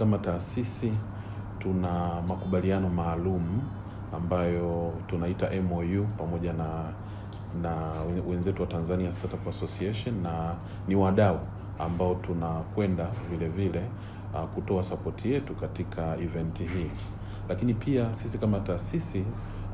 Kama taasisi tuna makubaliano maalum ambayo tunaita MOU pamoja na na wenzetu wa Tanzania Startup Association na ni wadau ambao tunakwenda vile vile uh, kutoa sapoti yetu katika event hii, lakini pia sisi kama taasisi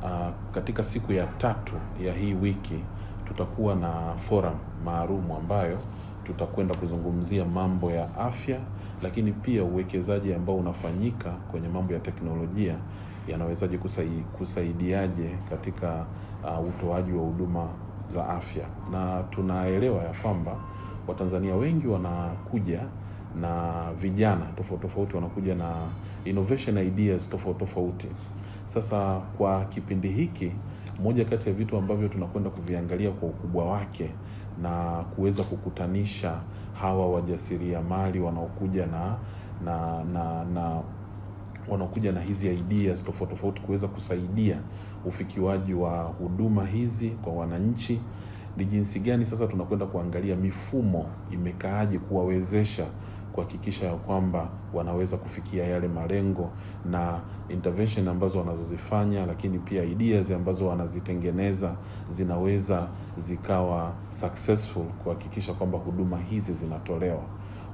uh, katika siku ya tatu ya hii wiki tutakuwa na forum maalum ambayo tutakwenda kuzungumzia mambo ya afya, lakini pia uwekezaji ambao unafanyika kwenye mambo ya teknolojia yanawezaje kusai, kusaidiaje katika uh, utoaji wa huduma za afya, na tunaelewa ya kwamba Watanzania wengi wanakuja na vijana tofauti tofauti wanakuja na innovation ideas tofauti tofauti. Sasa kwa kipindi hiki moja kati ya vitu ambavyo tunakwenda kuviangalia kwa ukubwa wake na kuweza kukutanisha hawa wajasiriamali wanaokuja na, na, na, na wanaokuja na hizi ideas tofauti tofauti kuweza kusaidia ufikiwaji wa huduma hizi kwa wananchi ni jinsi gani sasa tunakwenda kuangalia mifumo imekaaje kuwawezesha kuhakikisha ya kwamba wanaweza kufikia yale malengo na intervention ambazo wanazozifanya, lakini pia ideas ambazo wanazitengeneza zinaweza zikawa successful kuhakikisha kwamba huduma hizi zinatolewa.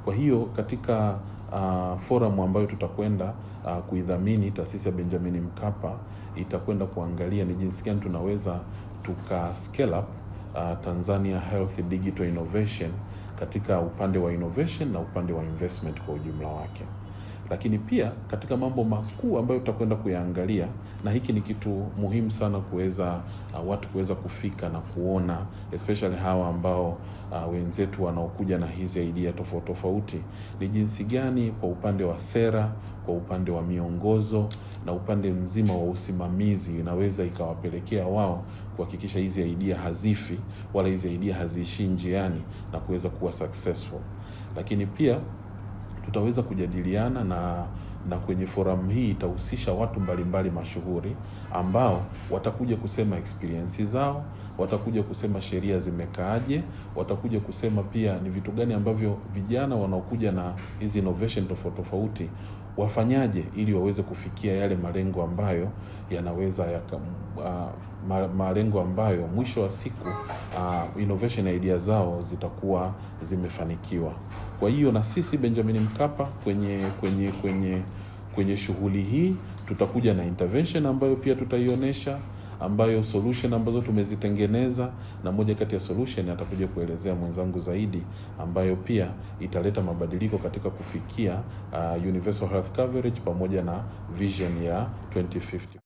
Kwa hiyo katika uh, forum ambayo tutakwenda uh, kuidhamini taasisi ya Benjamin Mkapa itakwenda kuangalia ni jinsi gani tunaweza tuka scale up uh, Tanzania Health Digital Innovation katika upande wa innovation na upande wa investment kwa ujumla wake lakini pia katika mambo makuu ambayo tutakwenda kuyaangalia, na hiki ni kitu muhimu sana kuweza uh, watu kuweza kufika na kuona, especially hawa ambao uh, wenzetu wanaokuja na hizi idea tofauti tofauti, ni jinsi gani kwa upande wa sera, kwa upande wa miongozo na upande mzima wa usimamizi inaweza ikawapelekea wao kuhakikisha hizi idea hazifi wala hizi idea haziishii njiani na kuweza kuwa successful, lakini pia tutaweza kujadiliana na na kwenye forum hii itahusisha watu mbalimbali mashuhuri ambao watakuja kusema experience zao, watakuja kusema sheria zimekaaje, watakuja kusema pia ni vitu gani ambavyo vijana wanaokuja na hizi innovation tofauti tofauti wafanyaje ili waweze kufikia yale malengo ambayo yanaweza yaka, uh, malengo ambayo mwisho wa siku uh, innovation idea zao zitakuwa zimefanikiwa. Kwa hiyo na sisi Benjamin Mkapa kwenye kwenye kwenye kwenye shughuli hii tutakuja na intervention ambayo pia tutaionyesha ambayo solution ambazo tumezitengeneza, na moja kati ya solution atakuja kuelezea mwenzangu zaidi, ambayo pia italeta mabadiliko katika kufikia uh, universal health coverage pamoja na vision ya 2050.